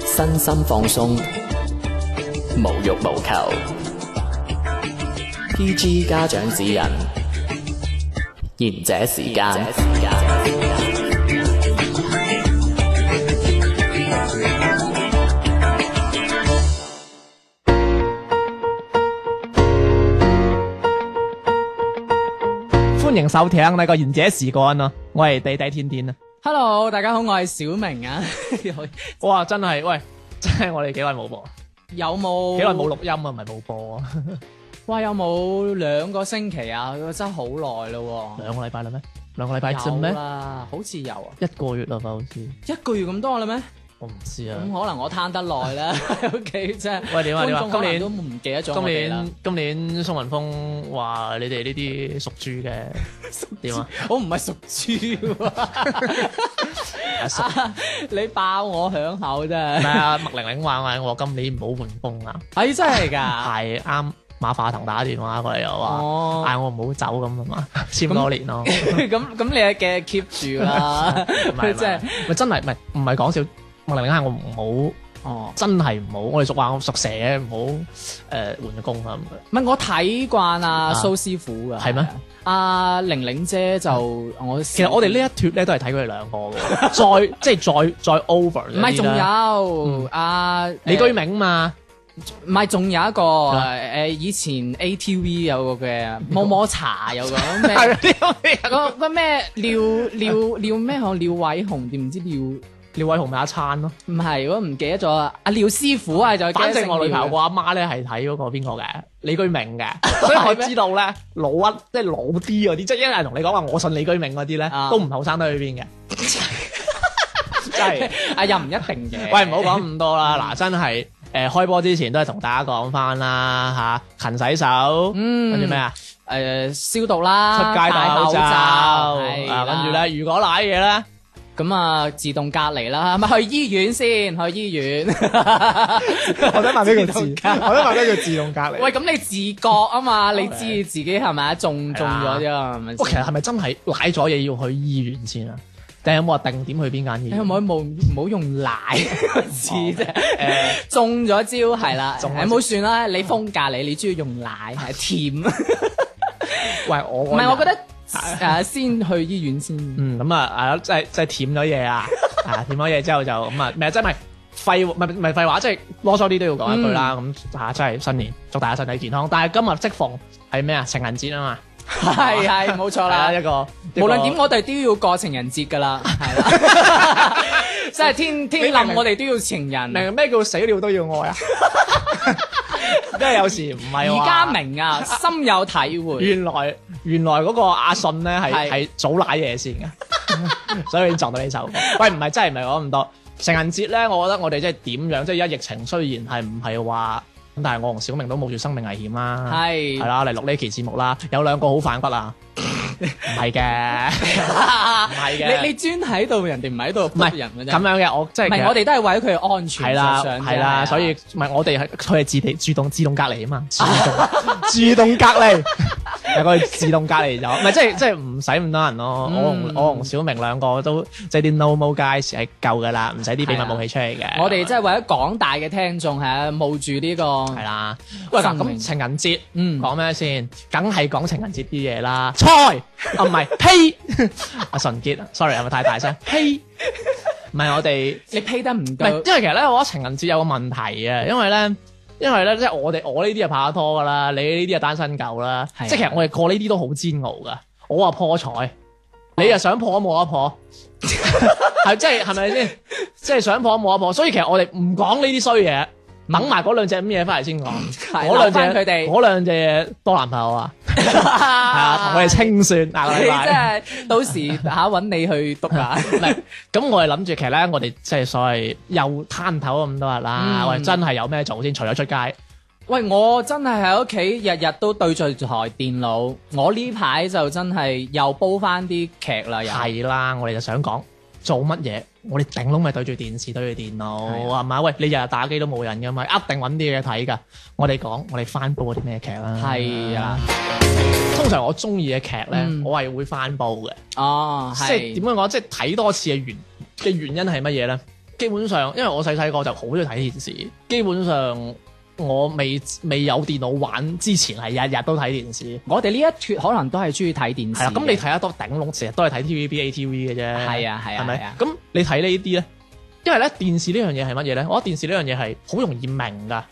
身心放鬆，無欲無求。PG 家長指引，賢者時間。歡迎收聽呢個賢者時間咯，我係地地天天啊。Hello，大家好，我係小明啊！ 哇，真係，喂，真係我哋幾耐冇播？有冇沒？幾耐冇錄音啊？唔係冇播啊？ 哇，有冇兩個星期啊？真係好耐咯，兩個禮拜啦咩？兩個禮拜啫咩？好似有啊，啊、一個月啦，好似一個月咁多啦咩？我唔知啊，咁可能我攤得耐啦。喺屋企啫。喂，點啊？你話今年都唔記得咗我哋今年宋雲峰話你哋呢啲屬豬嘅，點啊？我唔係屬豬，你爆我響口啫，係。係啊，麥玲玲話：話我今年唔好換工啊！哎，真係噶，係啱馬化騰打電話過嚟又話嗌我唔好走咁啊嘛，簽多年咯。咁咁你嘅 keep 住啦，即係真係唔係唔係講笑。我玲玲我唔好，真係唔好。我哋俗話我屬蛇，唔好誒換工咁。唔係我睇慣阿蘇師傅噶，係咩？阿玲玲姐就我。其實我哋呢一脫咧都係睇佢哋兩個嘅，再即係再再 over。唔係仲有阿李居明嘛？唔係仲有一個誒？以前 ATV 有個嘅摸摸茶有個，個個咩廖廖廖咩？嗬廖偉雄點唔知廖？廖偉雄咪一餐咯，唔係如果唔記得咗阿廖師傅啊，就反正我女朋友個阿媽咧係睇嗰個邊個嘅李居明嘅，所以我知道咧老屈即係老啲嗰啲，即係一樣同你講話，我信李居明嗰啲咧都唔後生得去邊嘅，真係啊又唔一定嘅。喂，唔好講咁多啦，嗱真係誒開波之前都係同大家講翻啦吓，勤洗手，跟住咩啊誒消毒啦，出街戴口罩，啊跟住咧如果瀨嘢咧。咁啊，自動隔離啦，係咪去醫院先，去醫院。我想話畀佢自。我想話畀佢自動隔離。喂，咁你自覺啊嘛，你知自己係咪中中咗啫嘛？唔其實係咪真係奶咗嘢要去醫院先啊？定有冇話定點去邊間醫院？可唔可以？冇，唔好用奶字啫。誒，中咗招係啦，你冇算啦，你封隔離，你中意用奶？係甜。喂，我唔係我覺得。誒，先去醫院先。嗯，咁啊，係咯，即係即係舔咗嘢啊，舔咗嘢之後就咁啊，咩？即係咪廢話？唔係唔係廢話，即係囉嗦啲都要講一句啦。咁吓，即係新年祝大家身體健康。但係今日即逢係咩啊？情人節啊嘛，係係冇錯啦，一個無論點我哋都要過情人節噶啦，係啦，即係天天諗我哋都要情人。明明咩叫死了都要愛啊？即係 有時唔係而家明啊，深 有體會。 原來原來嗰個阿信咧，係係早瀨嘢先嘅， 所以撞到呢首歌。喂，唔係真係唔係講咁多。情人節咧，我覺得我哋即係點樣？即係而家疫情雖然係唔係話。但係我同小明都冒住生命危險啦、啊。係係啦嚟錄呢期節目啦，有兩個好反骨啊，唔係嘅，唔係嘅，你專喺度，人哋唔喺度，唔係人嘅啫，咁樣嘅，我即係，唔係是實我哋都係為咗佢嘅安全係啦、啊，係啦，所以唔係、啊、我哋係佢係自己自動自動隔離啊嘛，自動， 自動隔離。 佢 自動隔離咗，唔係即係即係唔使咁多人咯。嗯、我同我同小明兩個都即係啲 normal guys 係夠噶啦，唔使啲秘密武器出嚟嘅。我哋即係為咗廣大嘅聽眾係冒住呢個係啦。嗯、喂嗱，咁、啊、情人節嗯講咩先？梗係講情人節啲嘢啦。菜 啊唔係呸！阿純傑，sorry 係咪太大聲？呸！ 唔係我哋你呸得唔夠。因為其實咧，我覺得情人節有個問題啊，因為咧。因為呢，即係我哋我呢啲係拍咗拖㗎啦，你呢啲係單身狗啦。的即係其實我哋過呢啲都好煎熬㗎，我話破財，你又想破都冇阿婆，係即係係咪先？即、就、係、是就是、想破都冇阿婆，所以其實我哋唔講呢啲衰嘢。掹埋嗰兩隻咩嘢翻嚟先講，嗰兩隻，嗰兩隻多男朋友啊，同佢哋清算啊！即係到時嚇揾你去篤啊！咁我哋諗住其實咧，我哋即係所謂又攤頭咁多啦，我哋真係有咩做先？除咗出街，喂，我真係喺屋企日日都對住台電腦，我呢排就真係又煲翻啲劇啦，又係啦，我哋就想講做乜嘢？我哋頂籠咪對住電視，對住電腦，係咪啊？喂，你日日打機都冇人㗎嘛，一定揾啲嘢睇噶。我哋講，我哋翻煲啲咩劇啦？係啊，通常我中意嘅劇咧，嗯、我係會翻煲嘅。哦，係。即係點樣講？即係睇多次嘅原嘅原因係乜嘢咧？基本上，因為我細細個就好中意睇電視，基本上。我未未有電腦玩之前，係日日都睇電視。我哋呢一脱可能都係中意睇電視。咁、啊、你睇得多頂籠，成日都係睇 TVB、ATV 嘅啫。係啊係啊，係咪啊？咁吧、啊啊、你睇呢啲咧，因為咧電視呢樣嘢係乜嘢咧？我覺得電視呢樣嘢係好容易明㗎。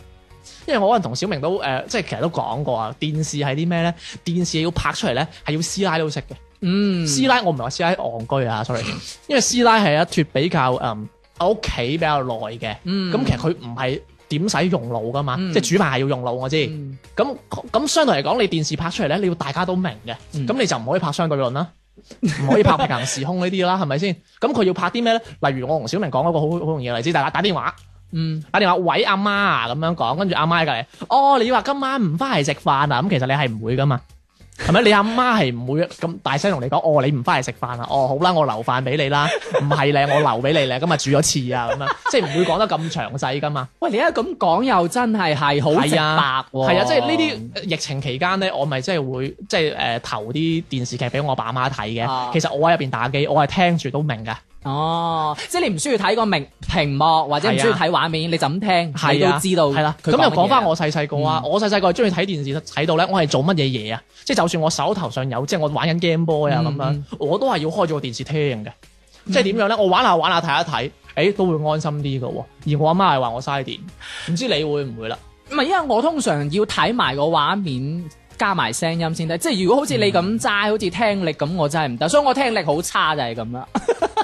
因為我可能同小明都誒，即、呃、係其實都講過啊。電視係啲咩咧？電視要拍出嚟咧，係要師奶都識嘅。嗯，師奶我唔係話師奶戇居啊，sorry。 因為師奶係一脱比較誒喺屋企比較耐嘅。咁、嗯、其實佢唔係。點使用腦噶嘛？嗯、即係煮飯係要用腦，我知。咁咁、嗯、相對嚟講，你電視拍出嚟咧，你要大家都明嘅。咁、嗯、你就唔可以拍相對論啦，唔可以拍平行時空是是呢啲啦，係咪先？咁佢要拍啲咩咧？例如我同小明講一個好好容易嘅例子，大家打電話，嗯，打電話喂阿媽啊咁樣講，跟住阿媽隔籬，哦，你話今晚唔翻嚟食飯啊？咁其實你係唔會噶嘛。係咪？你阿媽係唔會咁大聲同你講哦？你唔翻嚟食飯啦？哦，好啦，我留飯俾你啦。唔係咧，我留俾你咧。今日煮咗次啊咁樣，即係唔會講得咁詳細噶嘛。喂，你一咁講又真係係好直白，係啊，即係呢啲疫情期間咧，我咪即係會即係誒投啲電視劇俾我阿爸媽睇嘅。啊、其實我喺入邊打機，我係聽住都明嘅。哦，即係你唔需要睇個明屏幕，或者唔需要睇畫面，啊、你就咁聽係、啊、都知道係啦。咁又講翻我細細個啊，啊我細細個中意睇電視睇到咧，我係做乜嘢嘢啊？即係就算我手頭上有，即係我玩緊 Game Boy 啊咁樣，嗯、我都係要開咗個電視聽嘅。嗯、即係點樣咧？我玩下玩下睇一睇，誒、欸、都會安心啲噶。而我阿媽係話我嘥電，唔知你會唔會啦？唔係，因為我通常要睇埋個畫面。加埋聲音先得，即係如果好似你咁齋，嗯、好似聽力咁，我真係唔得，所以我聽力好差就係咁啦。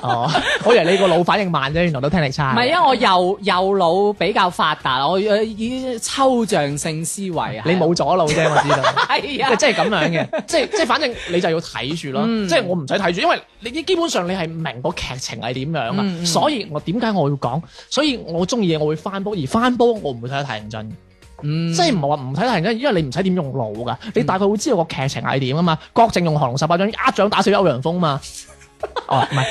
哦，好似係你個腦反應慢啫，原來都聽力差。唔係啊，我右右腦比較發達，我已經、呃、抽象性思維。啊、你冇咗腦啫，我知道。係 啊，即係咁樣嘅， 即係即係，反正你就要睇住咯。嗯、即係我唔使睇住，因為你基本上你係唔明個劇情係點樣啊。嗯嗯，所以我，我點解我要講？所以我中意我會翻煲，而翻煲我唔會睇得太認真。嗯、即係唔係話唔使睇人嘅，因為你唔使點用腦噶，你大概會知道個劇情係點噶嘛。郭靖用降龍十八掌一掌打死歐陽鋒嘛。 哦，唔係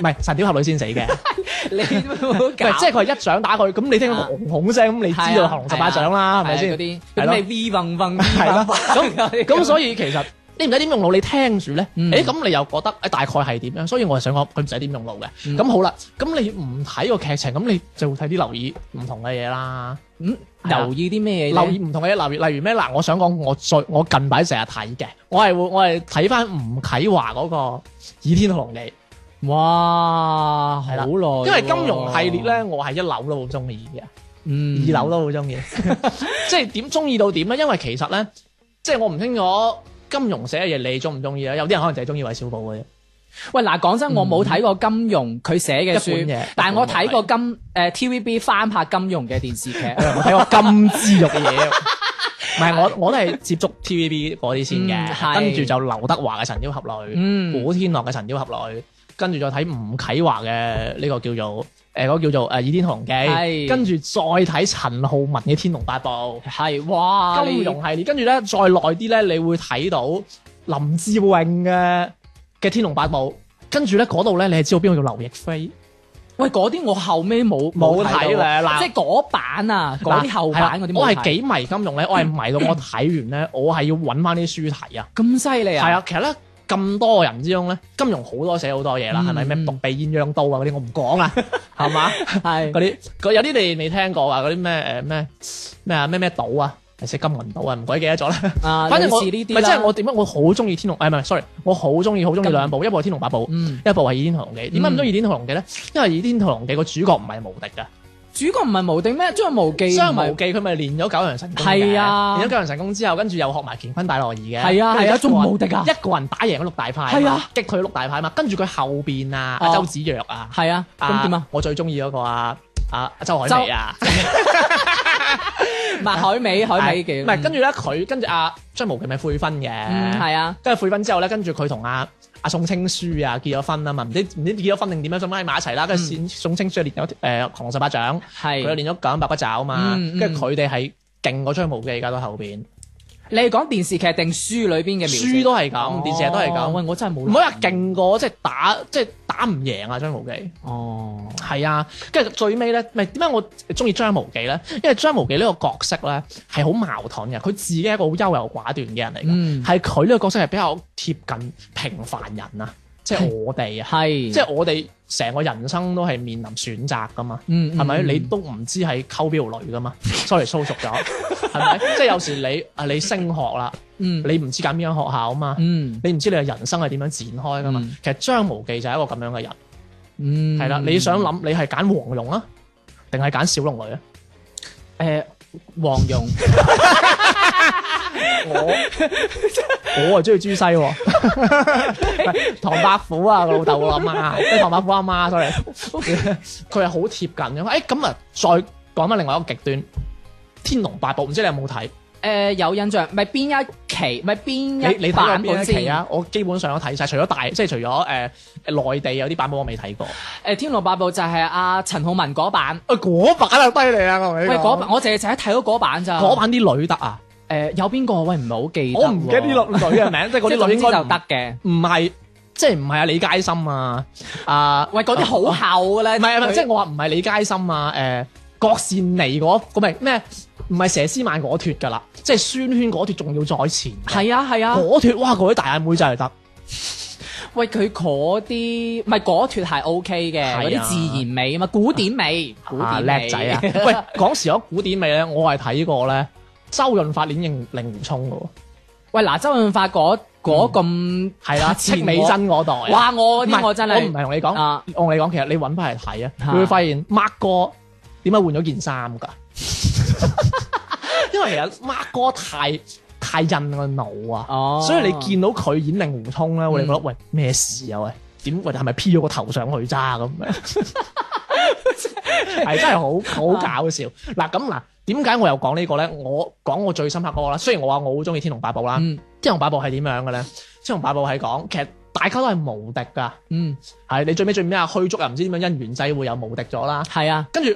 唔係神鵰俠侶先死嘅。 你唔即係佢係一掌打佢，咁你聽到轟轟聲咁，啊、你知道降龍十八掌啦，係咪先？係嗰啲，係咯、啊。咁咁所以其實。你唔使點用腦，你聽住咧。誒、嗯、咁、欸、你又覺得誒、欸，大概係點樣？所以我係想講佢唔使點用腦嘅。咁、嗯、好啦，咁你唔睇個劇情，咁你就會睇啲留意唔同嘅嘢啦。嗯、啊、留意啲咩嘢？留意唔同嘅嘢，留意例如咩？嗱，我想講我最我近排成日睇嘅，我係會我係睇翻吳啟華嗰個《倚天屠龍記》。哇，係啦，好耐、啊。因為金融系列咧，我係一樓都好中意嘅，嗯，二樓都好中意。 即係點中意到點咧？因為其實咧，即係我唔清楚。金庸寫嘅嘢你中唔中意咧？有啲人可能就係中意韋小寶嘅啫。喂，嗱，講真，我冇睇過金庸佢寫嘅書嘅，嗯、但係我睇過金誒 T V B 翻拍金庸嘅電視劇，睇 過金枝玉嘅嘢。唔係， 我我都係接觸 T V B 嗰啲先嘅，跟住，嗯、就劉德華嘅《神雕俠侶》，古天樂嘅《神雕俠侶》，跟住再睇吳啟華嘅呢個叫做。誒，嗰、呃那個叫做，誒《倚、呃、天屠龍記》是，跟住再睇陳浩民嘅《天龍八部》，係哇，金庸系列，跟住咧再耐啲咧，你會睇到林志穎嘅嘅《天龍八部》呢，跟住咧嗰度咧，你係知道邊個叫劉亦菲。喂，嗰啲我後尾冇冇睇咧，嗱，即係嗰版啊，嗰啲啦後版啲。我係幾迷金庸咧，我係迷到我睇完咧， 我係要搵翻啲書睇啊。咁犀利啊！係啊，其實咧。咁多人之中咧，金庸好多寫好多嘢啦，係咪咩獨臂鴛鴦刀啊嗰啲？我唔講啊，係嘛嗎？係嗰啲，有啲 你未聽過啊？嗰啲咩誒咩咩啊咩咩島啊？係寫金銀島啊？唔鬼記得咗咧。啊，反正我唔係即係我點解我好中意天龍誒唔係，sorry，我好中意好中意兩部，金一部係《天龍八部》嗯，一部係《倚天屠龍記》。點解咁中意《倚天屠龍記》咧？因為《倚天屠龍記》個主角唔係無敵嘅。主角唔係無敵咩？張無忌，張無忌佢咪練咗九陽神功？係啊，練咗九陽神功之後，跟住又學埋乾坤大挪移嘅，係啊，係啊，仲無敵啊！一個人打贏咗六大派，係啊，激佢六大派嘛。跟住佢後邊啊，周芷若啊，係啊。咁點啊？我最中意嗰個阿阿周海媚啊，麥海媚，海媚記。唔係，跟住咧，佢跟住阿張無忌咪悔婚嘅，係啊。跟住悔婚之後咧，跟住佢同阿。阿宋青書啊，結咗婚啦嘛，唔知唔知結咗婚定點樣，想拉埋一齊啦，跟住、嗯、宋宋青書練咗誒降龍十八掌，係佢是練咗九陰白骨爪啊嘛，跟住佢哋係勁過張無忌噶到後邊。你係講電視劇定書裏邊嘅？書都係咁，哦、電視劇都係咁。喂，我真係冇用。唔好話勁過，即係打，即係打唔贏啊！張無忌。哦，係啊，跟住最尾咧，咪點解我中意張無忌咧？因為張無忌呢個角色咧係好矛盾嘅，佢自己係一個好優柔寡斷嘅人嚟，嘅、嗯。係佢呢個角色係比較貼近平凡人啊。即係我哋啊，係，即係我哋成個人生都係面臨選擇噶嘛，係咪？你都唔知係溝邊條女噶嘛，sorry，粗俗咗，係咪？即係有時你啊，你升學啦，你唔知揀邊間學校啊嘛，你唔知你嘅人生係點樣展開噶嘛。其實張無忌就係一個咁樣嘅人，係啦，你想諗，你係揀黃蓉啊，定係揀小龍女啊？誒，黃蓉。我 我、哦、 啊，中意朱西， 唐伯虎啊，個老豆我諗啊，唐伯虎阿媽，sorry，佢係好貼近咁。誒、欸，咁啊，再講翻另外一個極端，天龍《天龍八部》，唔知你有冇睇？誒、呃，有印象，咪邊一期咪邊一你版本先啊？先我基本上都睇晒，除咗大，即係除咗誒內地有啲版本我未睇過。誒，呃《天龍八部》就係阿陳浩民嗰版，嗰、呃、版，版，版就低你啊！我呢我淨係淨係睇到嗰版咋，嗰版啲女得啊！誒，有邊個？喂，唔係好記得。我唔記得啲女嘅名，即係嗰啲女應該就得嘅。唔係，即係唔係啊李佳芯啊？啊，喂，嗰啲好厚嘅咧。唔係，即係我話唔係李佳芯啊。誒，郭善妮嗰個咪咩？唔係佘詩曼嗰脫噶啦，即係孫軒嗰脫，仲要再前。係啊係啊，嗰脫哇，嗰啲大眼妹真係得。喂，佢嗰啲唔係嗰脫係 OK 嘅，嗰啲自然美啊嘛，古典美，古典叻仔啊。喂，講時我古典美咧，我係睇過咧。周潤發演《認令狐沖》嘅喎，喂，嗱，周潤發嗰咁係啦，戚美珍嗰代，哇我嗰啲我真係，我唔係同你講，我同你講，其實你揾翻嚟睇啊，會發現 Mark 哥點解換咗件衫㗎？因為其實 Mark 哥太太印個腦啊，所以你見到佢演令狐沖咧，我哋覺得喂咩事啊？喂，點佢係咪 P 咗個頭上去揸咁樣？係真係好好搞笑嗱，咁嗱，點解我又講呢個咧？我講我最深刻嗰個啦。雖然我話我好中意《天龍八部》啦，《天龍八部》係點樣嘅咧？《天龍八部》係講其實大家都係無敵噶，嗯，係你最尾最屘啊，虛竹又唔知點樣因緣際會又無敵咗啦，係啊。跟住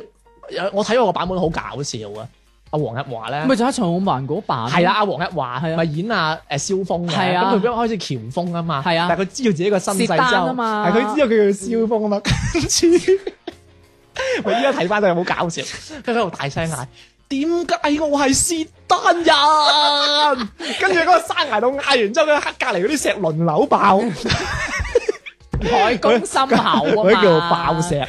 我睇過個版本好搞笑啊。阿黃日華咧，咪就一場慢歌版，係啊，阿黃日華係咪演阿誒蕭峰嘅？係啊，咁佢開始喬峰啊嘛，係啊，但係佢知道自己個身世之後，係佢知道佢叫蕭峰啊嘛。我依家睇翻真係好搞笑，佢喺度大聲嗌：點解我係薛丹人？跟住嗰個山崖度嗌完之後，佢喺隔籬嗰啲石輪流爆，海公心口啊嘛，叫做爆石。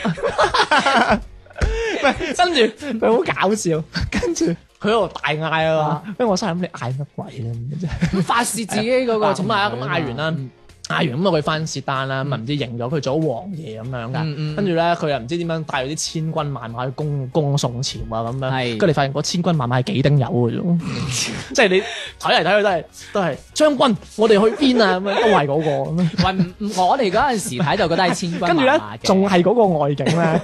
跟住佢好搞笑，跟住佢喺度大嗌啊嘛，因為我心諗你嗌乜鬼咧？發泄自己嗰個，咁嗌完啦。嗌完咁啊，佢翻薛丹啦，咁啊唔知認咗佢做咗王爺咁樣噶跟住咧佢又唔知點樣帶住啲千軍萬馬去攻攻宋朝啊咁樣，跟住你發現嗰千軍萬馬係幾丁友嘅啫，即係你睇嚟睇去都係都係將軍，我哋去邊啊咁樣都係嗰個咁啊，問我哋嗰陣時睇就覺得係千軍，跟住咧仲係嗰個外景咧。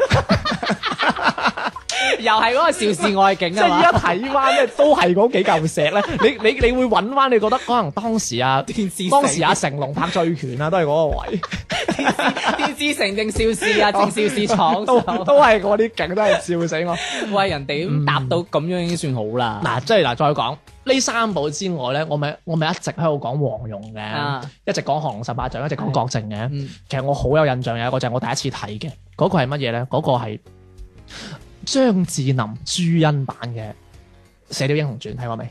又係嗰個邵氏外景啊！即係而家睇翻咧，都係嗰幾嚿石咧。你你你會揾翻？你覺得可能當時啊， 當時啊，成龍拍醉拳啊，都係嗰個位。李治李正邵氏啊！正邵氏闖、啊、 都係嗰啲景，都係笑死我。喂 人哋答到咁樣、嗯、已經算好啦。嗱、啊，即係嗱，再講呢三部之外咧，我咪我咪一直喺度講黃蓉嘅，啊、一直講《降龍十八掌》，一直講郭靖嘅。其實我好有印象嘅一、嗰個就係我第一次睇嘅嗰個係乜嘢咧？嗰、嗰個係。嗰個張智霖朱茵版嘅《射雕英雄傳》睇過未？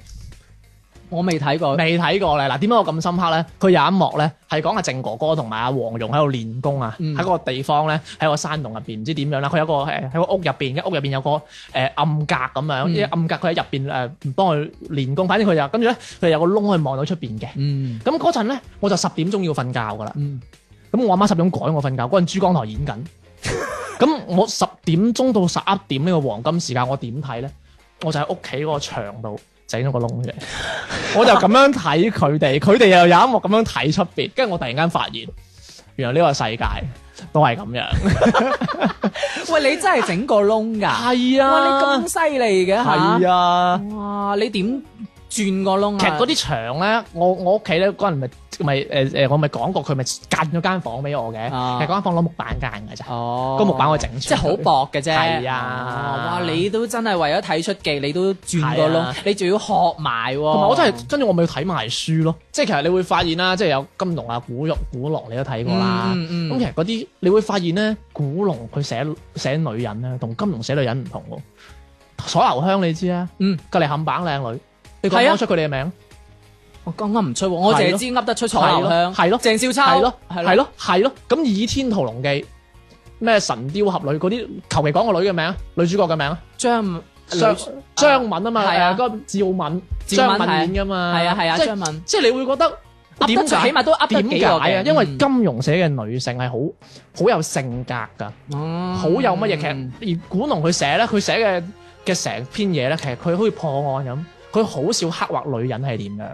我未睇過，未睇過咧。嗱，點解我咁深刻咧？佢有一幕咧，係講阿靖哥哥同埋阿黃蓉喺度練功啊，喺嗰、嗯、個地方咧，喺個山洞入邊，唔知點樣啦。佢有個誒，喺、呃、個屋入邊，屋入邊有個誒、呃、暗格咁樣，啲、嗯、暗格佢喺入邊誒，唔幫佢練功。反正佢就跟住咧，佢有個窿可以望到出邊嘅。咁嗰陣咧，我就十點鐘要瞓覺噶啦。咁、嗯、我阿媽十點鐘趕我瞓覺，嗰陣珠江台演緊。咁我十點鐘到十一點呢個黃金時間，我點睇咧？我就喺屋企嗰個牆度整咗個窿嘅。 我就咁樣睇佢哋，佢哋又有一幕咁樣睇出邊，跟住我突然間發現，原來呢個世界都係咁樣。 喂，你真係整個窿噶？係啊！哇，你咁犀利嘅？係啊！哇，你點？轉個窿啊！其實嗰啲牆咧，我我屋企咧嗰陣咪咪誒誒，我咪講、呃、過佢咪間咗間房俾我嘅。啊、其實嗰間房攞木板間嘅咋，個、哦、木板我整出，即係好薄嘅啫。係啊，啊！哇！你都真係為咗睇出記，你都轉個窿，啊、你仲要學埋喎。同埋我真係跟住我咪要睇埋書咯。嗯、即係其實你會發現啦，即係有金龍啊、古玉、古龍，古龍古龍你都睇過啦。咁、嗯嗯、其實嗰啲你會發現咧，古龍佢寫寫女人咧，同金龍寫女人唔同喎。楚留香你知啊，嗯，隔離冚板靚女。嗯係啊，出佢哋嘅名，我啱啱唔出，我淨係知噏得出彩香，係咯，鄭少秋，係咯，係咯，係咯。咁《倚天屠龍記》咩《神鵰俠侶》嗰啲，求其講個女嘅名，女主角嘅名，張張張敏啊嘛，係啊，嗰個趙敏，張敏演噶嘛，係啊係啊，張敏，即係你會覺得噏得起碼都噏得幾過嘅，因為金庸寫嘅女性係好好有性格噶，好有乜嘢。其實而古龍佢寫咧，佢寫嘅嘅成篇嘢咧，其實佢好似破案咁。佢好少刻畫女人係點樣，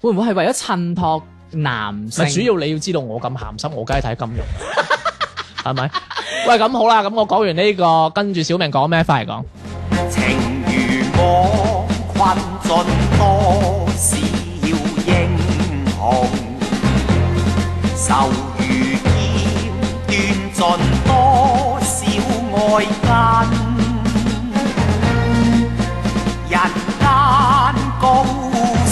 會唔會係為咗襯托男性？主要你要知道我咁鹹濕，我梗係睇金庸，係咪？ 喂，咁好啦，咁我講完呢、這個，跟住小明講咩翻嚟講，情如我困多要多少少英雄，斷盡講？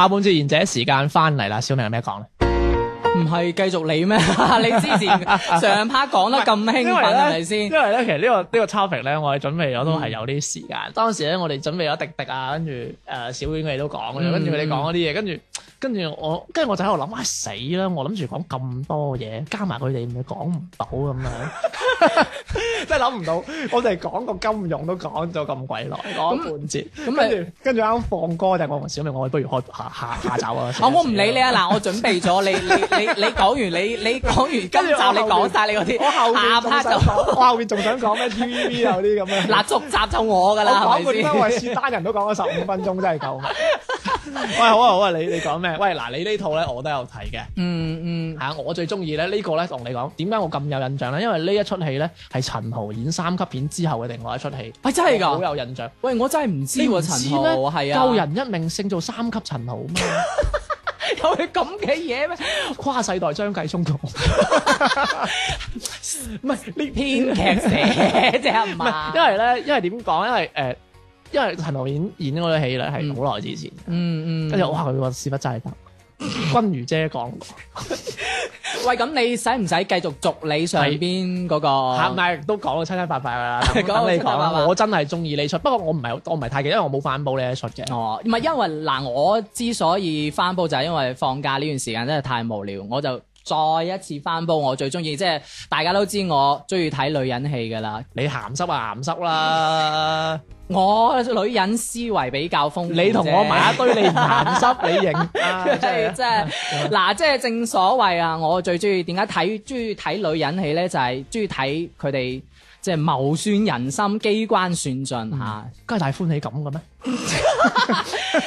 下半節賢者時間翻嚟啦，小明有咩講咧？唔係繼續你咩？ 你之前 上 part 講得咁興奮係咪先？因為咧其實、這個這個、呢個呢個 topic 咧，我哋準備咗都係有啲時間。嗯、當時咧我哋準備咗滴滴啊，跟住誒、呃、小婉佢哋都講，跟住佢哋講嗰啲嘢，嗯、跟住。跟住我，跟住我就喺度諗啊死啦！我諗住講咁多嘢，加埋佢哋，唔係講唔到咁樣，真係諗唔到。我哋講個金融都講咗咁鬼耐，講半節。咁跟住，啱啱放歌，但係我同小明，我哋不如開下下下晝啊！啊，我唔理你啊！嗱，我準備咗你，你你講完，你你講完，跟住就你講晒你嗰啲，我後邊仲想講咩 T V B 啊啲咁啊，嗱，續集就我噶啦！講半分鐘，單人都講咗十五分鐘，真係夠。 喂，好啊好啊，你你講咩？喂，嗱，你套呢套咧我都有睇嘅、嗯，嗯嗯，吓、啊、我最中意咧呢個咧同你講，點解我咁有印象咧？因為一戲呢一出戲咧係陳豪演三級片之後嘅另外一出戲，喂、欸、真係噶、這個，好有印象。喂，我真係唔知，陳豪係啊，救、啊、人一命勝做三級陳豪，有佢咁嘅嘢咩？跨世代張繼聰同， 唔係 呢編劇啫嘛？因為咧，因為點講？因為誒。呃因為陳豪演演嗰啲戲咧係好耐之前，嗯，嗯嗯，跟住我話佢話屎忽真係得， 君如姐講過， 喂，咁你使唔使繼續續你上邊嗰、嗰個？吓，係咪？都講到七七八八啦。 七七八八你講你講啦，我真係中意呢出，不過我唔係我唔係太記得，因為我冇翻煲呢出嘅。哦，唔係因為嗱，我之所以翻煲就係因為放假呢段時間真係太無聊，我就。再一次翻煲我最中意，即係大家都知我中意睇女人戲噶啦。你鹹濕啊鹹濕啦， 我女人思維比較豐富。你同我埋一堆你唔鹹濕，你鹹濕你認，即係即係嗱，即係正所謂啊，我最中意點解睇中意睇女人戲咧，就係中意睇佢哋。即係謀算人心，機關算盡吓，皆大歡喜咁嘅咩？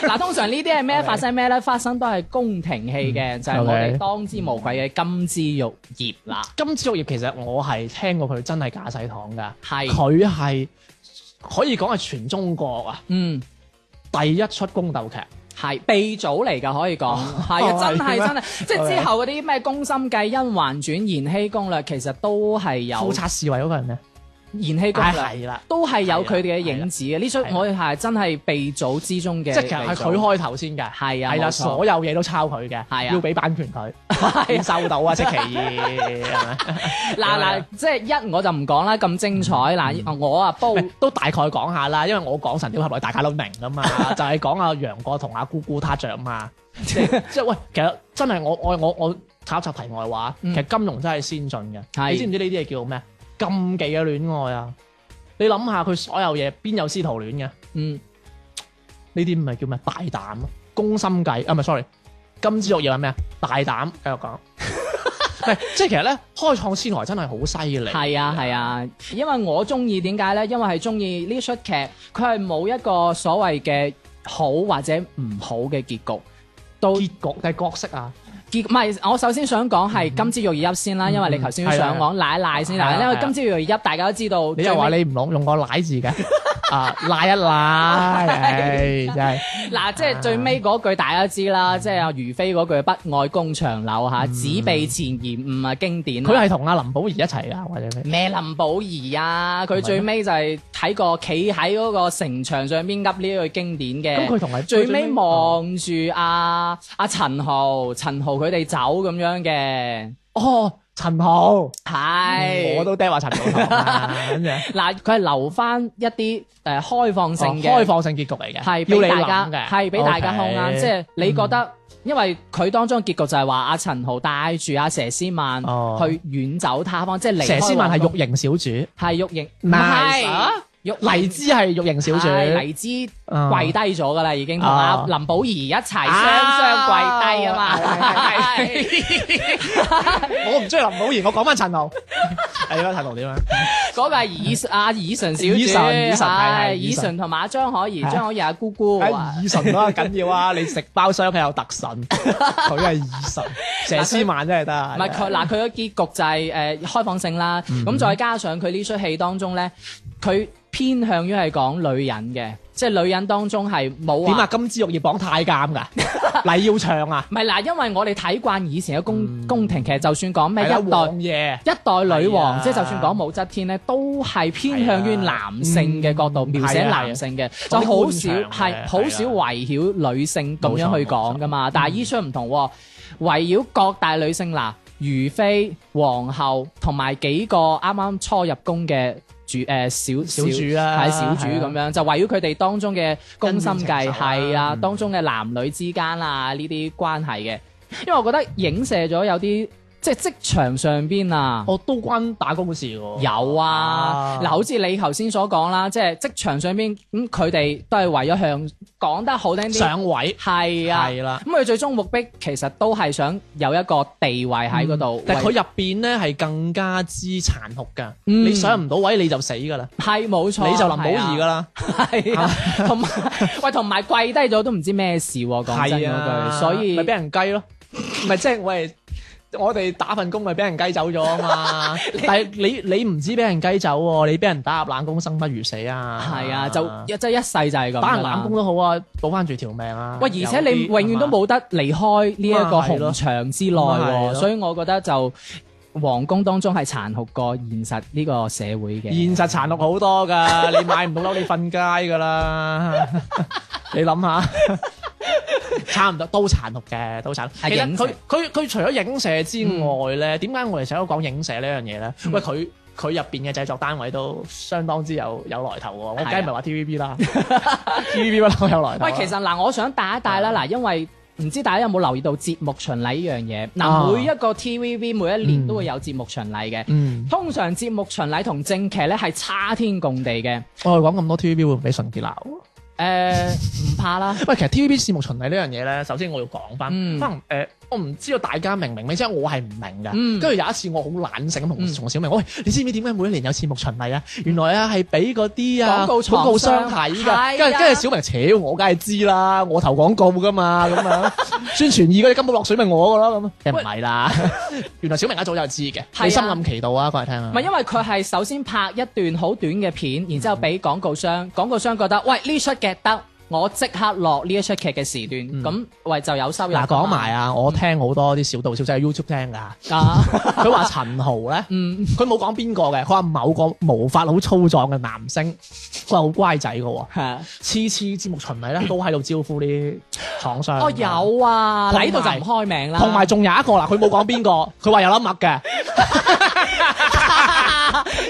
嗱，通常呢啲係咩發生咩咧？發生都係宮廷戲嘅，就係我哋當之無愧嘅金枝玉葉啦。金枝玉葉，其實我係聽過佢真係架勢堂噶，係佢係可以講係全中國啊，嗯，第一出宮鬥劇係鼻祖嚟噶，可以講係真係真係，即係之後嗰啲咩《宮心計》《甄嬛傳》《延禧攻略》，其實都係有富察侍衛嗰個人嘅。燃氣工係啦，都係有佢哋嘅影子嘅。呢出我係真係鼻祖之中嘅，即係係佢開頭先嘅，係啊，係啦，所有嘢都抄佢嘅，係啊，要俾版權佢，收到啊，即其二，係咪？嗱嗱，即一我就唔講啦，咁精彩。嗱，我啊都都大概講下啦，因為我講神雕俠侶大家都明噶嘛，就係講阿楊過同阿姑姑他著嘛。即即喂，其實真係我我我我插一插題外話，其實金庸真係先進嘅，你知唔知呢啲嘢叫咩？禁忌嘅戀愛啊！你諗下佢所有嘢，邊有師徒戀嘅？嗯，呢啲唔係叫咩大膽咯？攻心計啊，唔係 sorry，金枝玉葉係咩啊？大膽，繼續講。唔係，即係其實咧，開創先河真係好犀利。係啊係啊，因為我中意點解咧？因為係中意呢出劇，佢係冇一個所謂嘅好或者唔好嘅結局。到結局嘅角色啊？唔係，我首先想講係金枝玉葉二先啦，嗯、因為你頭先想講奶奶先啦，嗯啊啊、因為金枝玉葉二大家都知道，你又話你唔攞用個奶字嘅。 啊， uh, 拉一拉，真係嗱，即、哎、係 最尾嗰句大家都知啦，即係阿如妃嗰句不外宮牆柳吓，只悲、嗯、前言。唔係經典。佢係同阿林保怡一齊啊，或者咩林保怡啊？佢 最尾就係睇個企喺嗰個城牆上邊噏呢句經典嘅。咁佢同埋最尾望住阿阿陳豪，陳豪佢哋走咁樣嘅。哦。陳豪係，我都聽話陳豪咁樣。嗱，佢係留翻一啲誒，開放性嘅開放性結局嚟嘅，係要你諗嘅，係俾大家看啊！即係你覺得，因為佢當中嘅結局就係話阿陳豪帶住阿佘詩曼去遠走他方，即係佘詩曼係玉瑩小主，係玉瑩，唔係。玉黎姿係玉瑩小主，黎姿跪低咗噶啦，已經同阿林保怡一齊雙雙跪低啊嘛！我唔中意林保怡，我講返陳豪，係啊？陳豪點啊？嗰個係以啊爾淳小主爾淳爾淳係，爾淳同埋阿張可頤，張可頤阿姑姑，係爾淳啦，緊要啊！你食包廂佢有特純，佢係爾淳，佘詩曼真係得，唔係佢嗱佢嘅結局就係誒開放性啦，咁再加上佢呢齣戲當中咧，佢。偏向於係講女人嘅，即係女人當中係冇點啊金枝玉葉綁太監㗎，黎耀祥啊，唔係嗱，因為我哋睇慣以前嘅宮宮廷劇，其實就算講咩一代一代女王，即係就算講武則天咧，都係偏向於男性嘅角度描寫男性嘅，就好少係好少圍繞女性咁樣去講㗎嘛。但係依出唔同，圍繞各大女性嗱，如妃、皇后同埋幾個啱啱初入宮嘅。住誒、呃、小小，小主啦、啊，係小主咁樣，是啊、就圍繞佢哋當中嘅宮心計，係啊，啊，當中嘅男女之間啊呢啲關係嘅，因為我覺得影射咗有啲。即係職場上邊啊，哦，都關打工嘅事喎。有啊，嗱，好似你頭先所講啦，即係職場上邊咁，佢哋都係為咗向講得好聽啲上位，係啊，係啦。咁佢最終目的其實都係想有一個地位喺嗰度。但佢入邊咧係更加之殘酷㗎，你上唔到位你就死㗎啦，係冇錯，你就林保怡㗎啦，係同埋喂，同埋跪低咗都唔知咩事喎，講真嗰句，所以咪俾人雞咯，咪即係喂。我哋打份工咪俾人雞走咗啊嘛， 你 但係你你唔知俾人雞走喎、啊，你俾人打入冷宮，生不如死啊！係啊，就一即係一世就係咁。打入冷宮都好啊，保返住條命啊！喂，而且你永遠都冇得離開呢一個紅牆之內喎、啊，所以我覺得就皇宮當中係殘酷過現實呢個社會嘅。現實殘酷好多噶， 你買唔到樓， 你瞓街噶啦，你諗下。 差唔多，都殘酷嘅，都殘酷。其實佢佢佢除咗影射之外咧，點解、嗯、我哋成日都講影射呢樣嘢咧？嗯、喂，佢佢入邊嘅製作單位都相當之有有來頭喎。我梗係唔係話 T V B 啦，T V B 有來頭。喂，其實嗱、呃，我想帶一帶啦，嗱、啊，因為唔知大家有冇留意到節目巡禮呢樣嘢？嗱、啊，每一個 T V B 每一年都會有節目巡禮嘅，嗯嗯、通常節目巡禮同正劇咧係差天共地嘅。我哋講咁多 T V B 會唔會俾純潔鬧？誒，唔怕啦。喂，其實 TVB 視目巡禮呢樣嘢咧，首先我要講翻，可能誒，我唔知道大家明唔明咩，即係我係唔明嘅。跟住有一次我好懶性咁同同小明，我喂，你知唔知點解每一年有視目巡禮啊？原來啊係俾嗰啲啊廣告廣告商睇噶。跟住跟住小明，扯我梗係知啦，我投廣告噶嘛，咁樣宣傳意嗰啲根本落水咪我噶咯咁。其實唔係啦，原來小明一早就知嘅，你心暗祈禱啊，過嚟聽啦。唔係因為佢係首先拍一段好短嘅片，然之後俾廣告商，廣告商覺得喂呢出。get 得我即刻落呢一出劇嘅時段，咁喂就有收入。嗱，講埋啊，我聽好多啲小道消息，YouTube 聽噶。佢話陳豪咧，佢冇講邊個嘅，佢話某個毛髮好粗壯嘅男星，佢好乖仔噶。係黐黐節目巡禮咧，都喺度招呼啲廠商。哦，有啊，喺度就唔開名啦。同埋仲有一個啦，佢冇講邊個，佢話有粒麥嘅。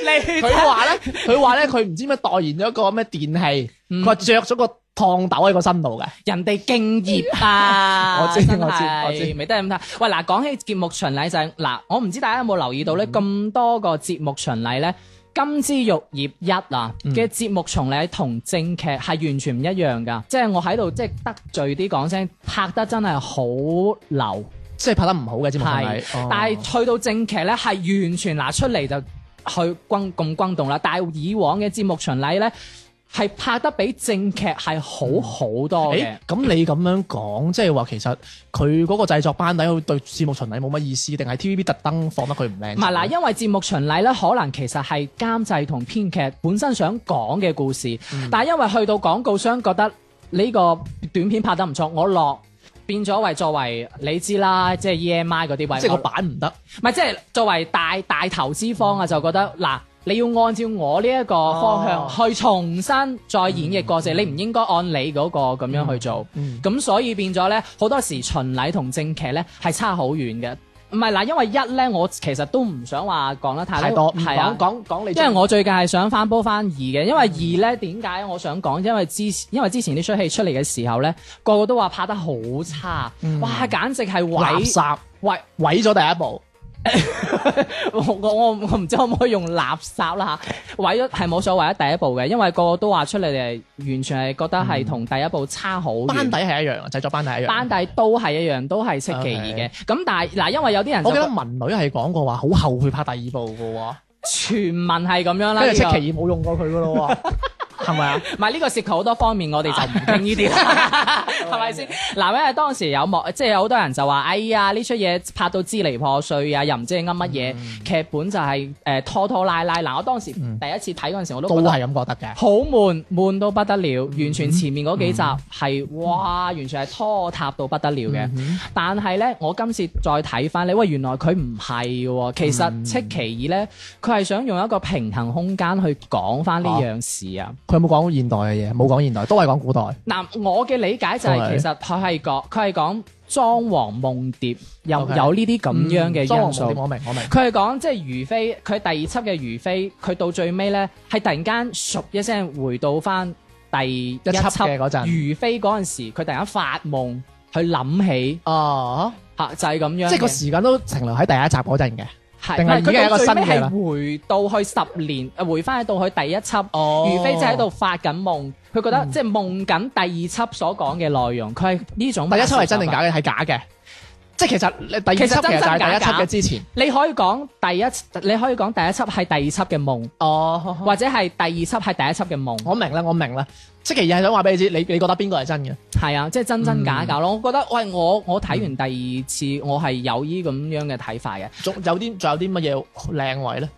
你佢話咧，佢話咧，佢唔知咩代言咗一個咩電器。佢着咗個燙斗喺個身度嘅，啊，人哋敬業啊！我知我知我知，未得咁睇。喂嗱，講起節目巡禮就嗱，是，我唔知大家有冇留意到咧，咁、嗯、多個節目巡禮咧，金枝玉葉一啊嘅節、嗯、目巡禮同正劇係完全唔一樣噶，即、就、係、是、我喺度即係得罪啲講聲，拍得真係好流，即係拍得唔好嘅節目係，是哦，但係去到正劇咧係完全拿出嚟就去轟咁轟動啦，但係以往嘅節目巡禮咧。係拍得比正劇係好好多嘅、嗯，咁、欸、你咁樣講，即係話其實佢嗰個製作班底對節目巡禮冇乜意思，定係 TVB 特登放得佢唔靚？唔係嗱，因為節目巡禮咧，可能其實係監製同編劇本身想講嘅故事，嗯、但係因為去到廣告商覺得呢個短片拍得唔錯，我落變咗為作為你知啦，即係 EMI 嗰啲位置即，即係個版唔得，唔係即係作為大大投資方啊，嗯、就覺得嗱。你要按照我呢一個方向、oh. 去重新再演繹過次，mm hmm. 你唔應該按你嗰個咁樣去做。咁、mm hmm. 所以變咗呢，好多時巡禮同正劇呢係差好遠嘅。唔係嗱，因為一呢，我其實都唔想話講得太多，係講講講你。因為我最近係想翻煲翻二嘅，因為二呢，點解、mm hmm. 我想講？因為之因為之前呢出戲出嚟嘅時候呢，個個都話拍得好差，mm hmm. 哇簡直係毀，毀毀咗第一部。 我我我唔知可唔可以用垃圾啦吓，毀咗係冇所謂啊！第一部嘅，因為個個都話出嚟，係完全係覺得係同第一部差好。班底係一樣，製作班底一樣，班底都係一樣，都係戚其怡嘅。咁 Okay. 但係嗱，因為有啲人，我記得文女係講過話好後悔拍第二部噶喎，傳聞係咁樣啦，跟住戚其怡冇用過佢噶咯喎。 係咪啊？唔係呢個涉及好多方面，我哋就唔傾呢啲啦，係咪先？嗱，因為當時有幕，即係有好多人就話：哎呀，呢出嘢拍到支離破碎啊，又唔知你噏乜嘢劇本，就係誒拖拖拉拉。嗱，我當時第一次睇嗰陣時，我都都係咁覺得嘅，好悶，悶到不得了，完全前面嗰幾集係哇，完全係拖沓到不得了嘅。但係咧，我今次再睇翻你，喂，原來佢唔係嘅，其實戚其義咧，佢係想用一個平衡空間去講翻呢樣事啊。佢冇講現代嘅嘢，冇講現代，都係講古代。嗱、啊，我嘅理解就係、是、Okay. 其實佢係講佢係講莊王夢蝶，又有呢啲咁樣嘅因素。嗯、夢我明我明。佢係講即係如妃，佢、就是、第二輯嘅如妃，佢到最尾咧係突然間熟一聲回到返第一輯嘅嗰陣。如妃嗰陣時，佢突然間發夢去諗起哦嚇，uh huh. 就係咁樣。即係個時間都停留喺第一集嗰陣嘅。係，佢係一個新嘅啦。係回到去十年，回翻去到去第一輯，馮飛就喺度發緊夢，佢覺得、嗯、即係夢緊第二輯所講嘅內容，佢係呢種七七，第一輯係真定假嘅？係假嘅。即係其實第二輯其實係第一輯嘅之前，你可以講第一你可以講第一輯係第二輯嘅夢哦，或者係第二輯係第一輯嘅夢。我明啦，我明啦。戚其義係想話俾你知，你你覺得邊個係真嘅？係啊，即、就、係、是、真真假假咯。嗯、我覺得喂，我我睇完第二次，我係有，有，有呢咁樣嘅睇法嘅。仲有啲，仲有啲乜嘢靚位咧？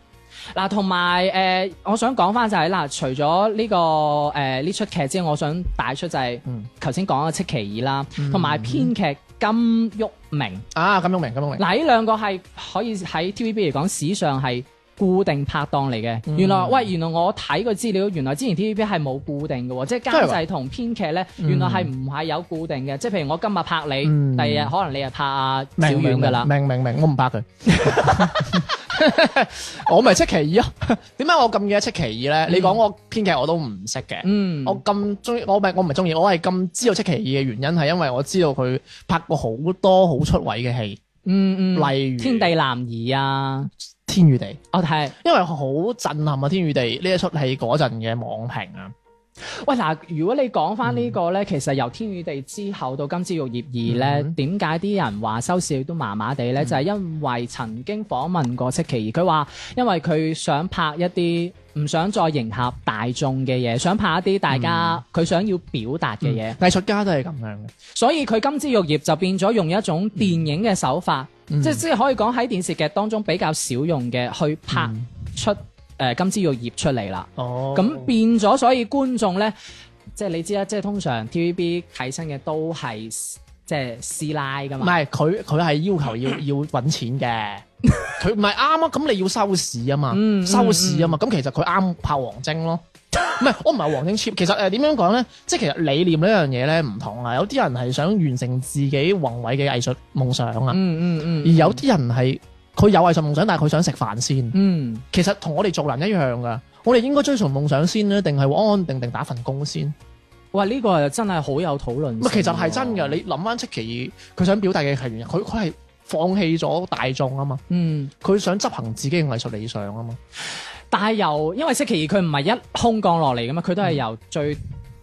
嗱，同埋誒，我想講翻就係、是、嗱，除咗呢、這個誒呢出劇之外，我想帶出就係頭先講嘅戚其義啦，同埋編劇。金玉明啊，金玉明，金玉明。嗱，呢兩個係可以喺 TVB 嚟講史上係固定拍檔嚟嘅。嗯、原來喂，原來我睇過資料，原來之前 TVB 係冇固定嘅，即係監製同編劇咧，原來係唔係有固定嘅。即係、嗯、譬如我今日拍你，嗯、第二日可能你又拍阿小遠㗎啦。明明明，我唔拍佢。 我咪出奇二啊？點解我咁記得戚其義咧？嗯、你講我編劇我都唔識嘅。嗯，我咁中意我咪我唔係中意，我係咁知道戚其義嘅原因係因為我知道佢拍過好多好出位嘅戲。嗯嗯，例如《天地男兒》啊，天哦《天與地》。哦，係，因為好震撼啊，《天與地》呢一出戲嗰陣嘅網評啊。喂，嗱，如果你講翻呢個呢，嗯、其實由《天與地》之後到《金枝玉葉二》嗯、呢，點解啲人話收視都麻麻地呢？就係因為曾經訪問過戚其義，佢話因為佢想拍一啲唔想再迎合大眾嘅嘢，想拍一啲大家佢想要表達嘅嘢。藝術、嗯嗯、家都係咁樣嘅，所以佢《金枝玉葉》就變咗用一種電影嘅手法，嗯嗯、即係即係可以講喺電視劇當中比較少用嘅，去拍出。誒，今次要醃出嚟啦，咁、oh. 變咗，所以觀眾咧，即係你知啦，即係通常 T V B 睇新嘅都係即係師奶噶嘛，唔係佢佢係要求要 要揾錢嘅，佢唔係啱啊，咁你要收視啊嘛， 收視啊嘛，咁其實佢啱拍王晶咯，唔 係 我唔係王晶。cheap，其實誒點樣講咧，即、呃、係其實理念呢樣嘢咧唔同啊，有啲人係想完成自己宏偉嘅藝術夢想啊，嗯嗯嗯， 而有啲人係。佢有藝術夢想，但係佢想食飯先。嗯，其實同我哋做人一樣噶，我哋應該追從夢想先咧，定係安安定定打份工先？喂，呢、呢個真係好有討論。其實係真嘅。哦、你諗翻戚其義，佢想表達嘅係原因，佢佢係放棄咗大眾啊嘛。嗯，佢想執行自己嘅藝術理想啊嘛。但係由因為戚其義佢唔係一空降落嚟嘅嘛，佢都係由最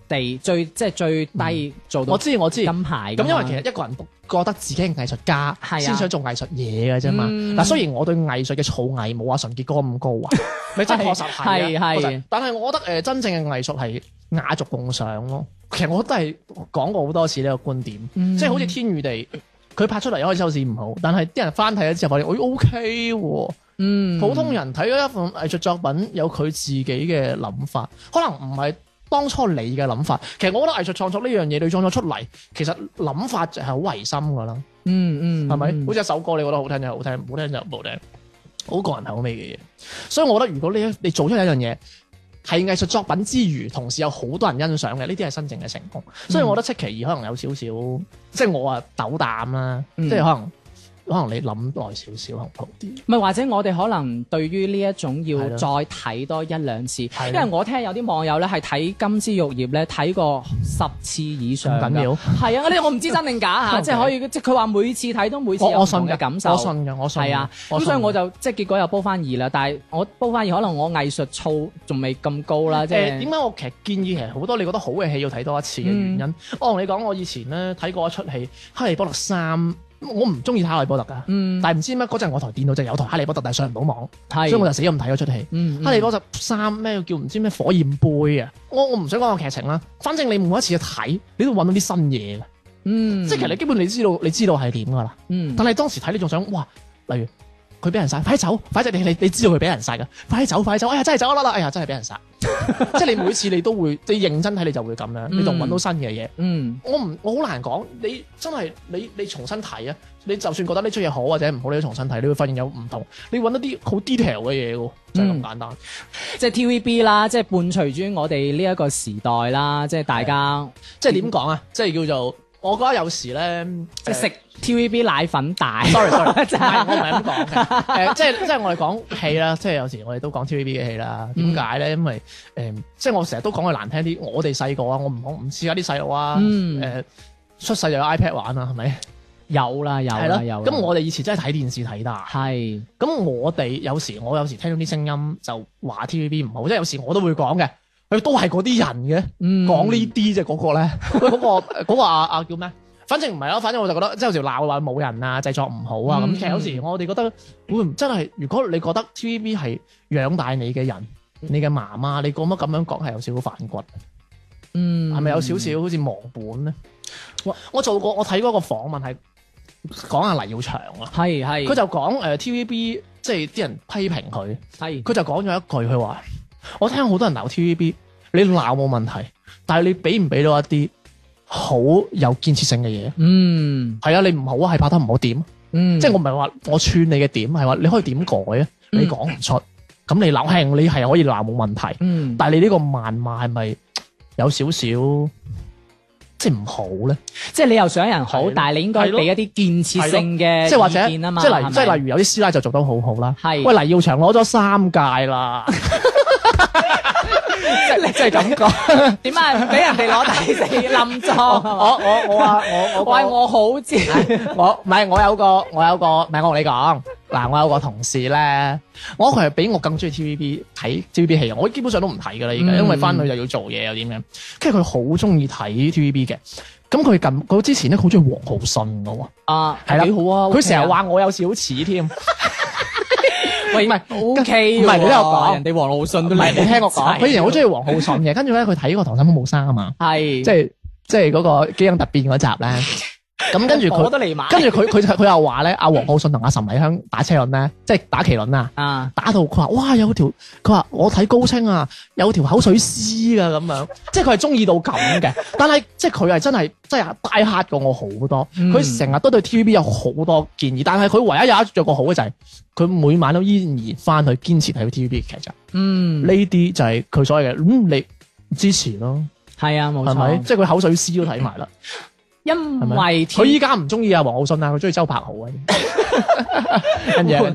地、嗯、最即係最低做到、嗯。我知我知金牌。咁因為其實一個人。覺得自己係藝術家，係先想做藝術嘢嘅啫嘛。嗱、嗯，雖然我對藝術嘅造詣冇阿純潔哥咁高啊，咪真係確實係啊確實。但係我覺得誒，真正嘅藝術係雅俗共賞咯。其實我都係講過好多次呢個觀點，嗯、即係好似天與地，佢、呃、拍出嚟一開始收視唔好，但係啲人翻睇咗之後發現，我 O K。Okay, 呃、嗯，普通人睇咗一份藝術作品，有佢自己嘅諗法，可能唔係。當初你嘅諗法，其實我覺得藝術創作呢樣嘢，你創作出嚟，其實諗法就係好唯心噶啦、嗯。嗯嗯，係咪吧？好似一首歌，你覺得好聽就好聽，唔好聽就唔好聽，好個人口味嘅嘢。所以我覺得，如果你你做出一樣嘢，係藝術作品之餘，同時有好多人欣賞嘅，呢啲係真正嘅成功。嗯、所以我覺得七其二可能有少少，即係我斗膽啊斗膽啦，嗯、即係可能。可能你諗耐少少，可能好啲。唔係，或者我哋可能對於呢一種要再睇多一兩次，的因為我聽有啲網友咧係睇《金枝玉葉》咧睇過十次以上。緊要係啊！我哋我唔知真定假吓，即係 Okay. 可以，即係佢話每次睇都每次唔同嘅感受。我信嘅，我信係啊。咁的所以我就即係、就是、結果又煲翻二啦。但係我煲翻二，可能我藝術操仲未咁高啦。誒、就是，點解、呃、我其實建議其實好多你覺得好嘅戲要睇多一次嘅原因？嗯、我同你講，我以前咧睇過一出戲《哈利波特三》。我唔中意哈利波特噶，嗯、但係唔知乜嗰陣我台電腦就有台哈利波特，但係上唔到網，是所以我就死咁睇咗出戲。嗯嗯、哈利波特三咩叫唔知咩火焰杯啊？我我唔想講個劇情啦，反正你每一次去睇，你都搵到啲新嘢嘅，嗯，即係其實你基本你知道，你知道係點噶啦，嗯，但係當時睇你仲想哇，例如。佢俾人殺，快走！反正你你你知道佢俾人殺噶，快走快走！哎呀，真係走咗啦啦！哎呀，真係俾人殺， 即係你每次你都會，你認真睇你就會咁樣，你仲揾到新嘅嘢，嗯。嗯，我唔我好難講，你真係你你重新睇啊！你就算覺得呢出嘢好或者唔好，你都重新睇，你會發現有唔同，你揾到啲好 detail 嘅嘢噶，就係、是、咁簡單。嗯、 即係 TVB 啦，即係伴隨住我哋呢一個時代啦，即係大家即係點講啊？即係叫做。我覺得有時咧，即食 T V B 奶粉大、呃、 ，sorry sorry，唔係 我唔係咁講，誒、 呃、即即我哋講戲啦，即有時我哋都講 T V B 嘅戲啦，點解咧？因為誒、呃，即我成日都講句難聽啲，我哋細個啊，我唔講唔知而家啲細路啊，誒、嗯呃、出世就有 iPad 玩啦，係咪？有啦了有啦有，咁我哋以前真係睇電視睇大，係咁是我哋有時我有時聽到啲聲音就話 T V B 唔好，即有時我都會講嘅。佢都係嗰啲人嘅，講、嗯那個、呢啲啫。嗰 個咧、啊，嗰個嗰個阿阿叫咩？反正唔係咯，反正我就覺得，即係有時鬧話冇人啊，製作唔好啊，咁其實有時我哋覺得，會真係如果你覺得 TVB 係養大你嘅人，你嘅媽媽，你咁乜咁樣講係有少少反骨，嗯，係咪有少少好似忘本咧？我我做過，我睇嗰個訪問係講下黎耀祥啊，係係，佢、uh, 就講誒 TVB 即係啲人，人批評佢，係，佢就講咗一句，佢話我聽好多人鬧 TVB。你鬧冇問題，但係你俾唔俾到一啲好有建設性嘅嘢？嗯，係啊，你唔好係怕得唔好點，嗯，即係我唔係話我串你嘅點，係話你可以點改啊？你講唔出，咁你鬧輕你係可以鬧冇問題，嗯，但係你呢個謾罵係咪有少少即係唔好咧？即係你又想人好，但係你應該俾一啲建設性嘅意見啊嘛。即係例如，即係例如有啲師奶就做得好好啦，係喂黎耀祥攞咗三屆啦。即你真係咁講？點解俾人哋攞第四冧咗？我我我話我我喂我好賤，我唔係我有個我， 我，我有個，唔係我同你講嗱，我有個同事咧，我其實比我更中意 TVB 睇 TVB 戲，我基本上都唔睇噶啦，而家因為翻去就要做嘢又點樣？跟住佢好中意睇 TVB 嘅，咁佢近之前咧好中意王浩信嘅喎啊，係啦，幾好啊，佢成日話我有時好似添。 喂，唔係，O K，唔係你聽我講，人哋王浩信都，唔係你聽我講，佢以前好中意王浩信嘅，跟住咧佢睇過《溏心風暴3》啊嘛，係的，即係即係嗰個基因突變嗰集咧。 咁跟住佢，跟住佢佢佢又話咧，阿黃浩信同阿岑麗香打車輪咧，即係打麒麟啊！啊，打到佢話哇有條，佢話我睇高清啊，有條口水絲噶咁樣，即係佢係中意到咁嘅。但係即係佢係真係真係帶黑過我好多，佢成日都對 T V B 有好多建議。但係佢唯一有一着個好嘅就係，佢每晚都依然翻去堅持睇 T V B 嘅劇集。嗯，呢啲就係佢所謂嘅，嗯，你支持咯，係啊，冇錯係咪？即係佢口水絲都睇埋啦。因為佢依家唔中意阿黃浩信啊，佢中意周柏豪啊，跟住跟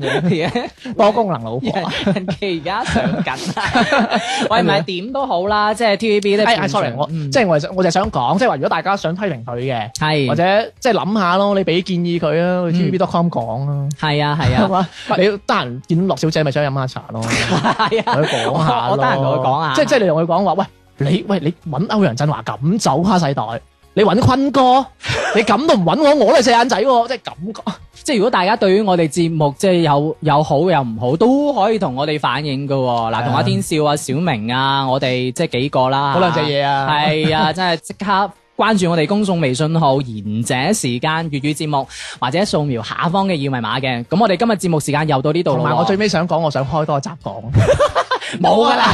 住多功能老婆，而家緊，在在上 喂，唔係點都好啦，即係 TVB 咧。係、哎哎、sorry，我即係、嗯、我，就係、我想就想講，即係話如果大家想批評佢嘅，係是或者即係諗下咯，你俾建議佢、嗯、啊，去 TVB.com 講啊，係啊係啊，你得閒見到樂小姐咪想飲下茶咯，我講下咯，即係即係你同佢講話，喂，你喂你搵歐陽震華咁走哈世代。你揾坤哥，你咁都唔揾我， 我都係四眼仔喎，即係咁講。 即係如果大家對於我哋節目即係有有好有唔好，都可以同我哋反映嘅、哦。嗱，同阿天少、啊、小明啊，我哋即係幾個啦。嗰兩隻嘢啊，係啊，真係即刻關注我哋公眾微信號《賢者 時間粵語節目》，或者掃描下方嘅二維碼嘅。咁我哋今日節目時間又到呢度啦。我最尾想講，我想開多個集講。 冇噶啦，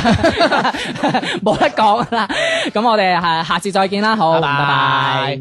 冇得講啦，咁我哋係下次再見啦，好，拜拜。